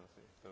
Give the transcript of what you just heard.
Anthony. So